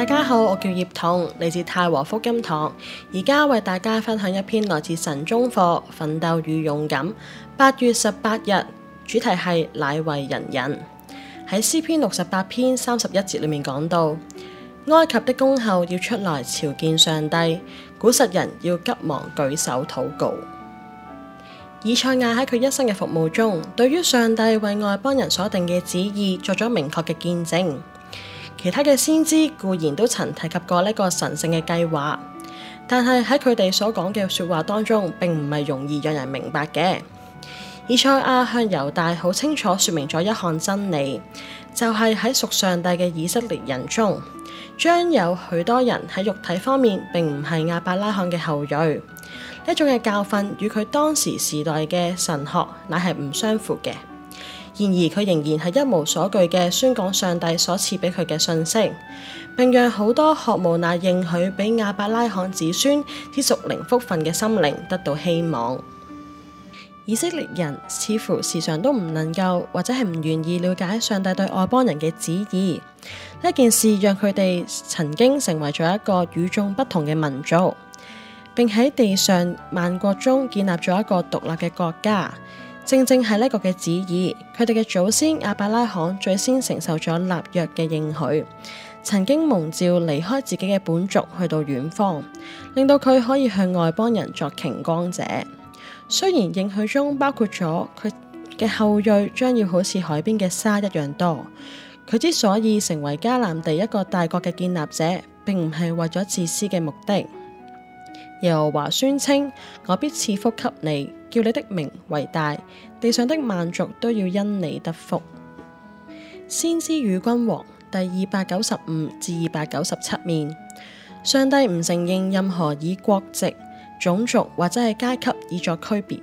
大家好，我叫葉彤，嚟自太和福音堂。而家為大家分享一篇來自神中課《奮鬥與勇敢》八月十八日，主題係乃為人人。喺詩篇六十八篇三十一節裏面講到，埃及的公侯要出來朝見上帝，古實人要急忙舉手禱告。以賽亞喺佢一生嘅服務中，對於上帝為外邦人所定嘅旨意，作咗明確嘅見證。其他嘅先知固然都曾提及過呢個神聖嘅計劃，但係喺佢哋所講嘅說話當中，並唔係容易讓人明白嘅。以賽亞向猶大好清楚說明咗一項真理，就係喺屬上帝嘅以色列人中，將有許多人喺肉體方面並唔係亞伯拉罕嘅後裔。呢種嘅教訓與佢當時時代嘅神學乃係唔相符嘅。然而佢仍然係一無所懼嘅宣講上帝所賜俾佢嘅信息，並讓好多渴慕那應許俾亞伯拉罕子孫之屬靈福分嘅心靈得到希望。以色列人似乎時常都唔能夠或者係唔願意了解上帝對外邦人嘅旨意。呢件事讓佢哋曾經成為咗一個與眾不同嘅民族，並喺地上萬國中建立咗一個獨立嘅國家。正正係呢個嘅旨意，佢哋嘅祖先阿伯拉罕最先承受咗立約嘅應許，曾經蒙召離開自己嘅本族去到遠方，令到佢可以向外邦人作擎光者。雖然應許中包括咗佢嘅後裔將要好似海邊嘅沙一樣多，佢之所以成為迦南地一個大國嘅建立者，並唔係為咗自私嘅目的。耶和華宣稱：我必賜福給你，叫你的名為大，地上的萬族都要因你得福。先知與君王第二百九十五至二百九十七面。上帝唔承認任何以國籍、種族或者係階級以作區別。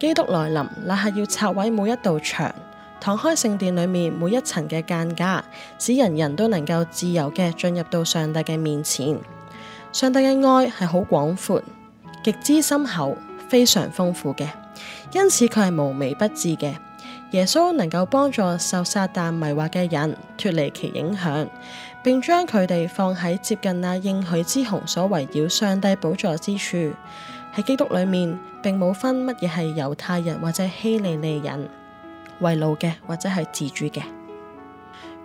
基督來臨，那係要拆毀每一道牆，敞開聖殿裏面每一層嘅間隔，使人人都能夠自由嘅進入到上帝嘅面前。上帝嘅愛係好廣闊、極之深厚、非常豐富嘅，因此佢係無微不至嘅。耶穌能夠幫助受撒旦迷惑嘅人脫離其影響，並將佢哋放喺接近那應許之雄所圍繞上帝寶座之處。喺基督裏面，並冇分乜嘢係猶太人或者希利利人、為奴嘅或者係自主嘅。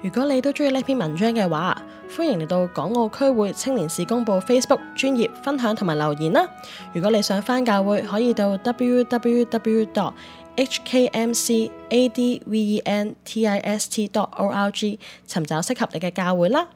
如果你都中意呢篇文章嘅話，歡迎嚟到港澳區會青年事工部 Facebook 專頁分享同埋留言啦！如果你想返教會，可以到 www.hkmcadventist.org 尋找適合你嘅教會啦。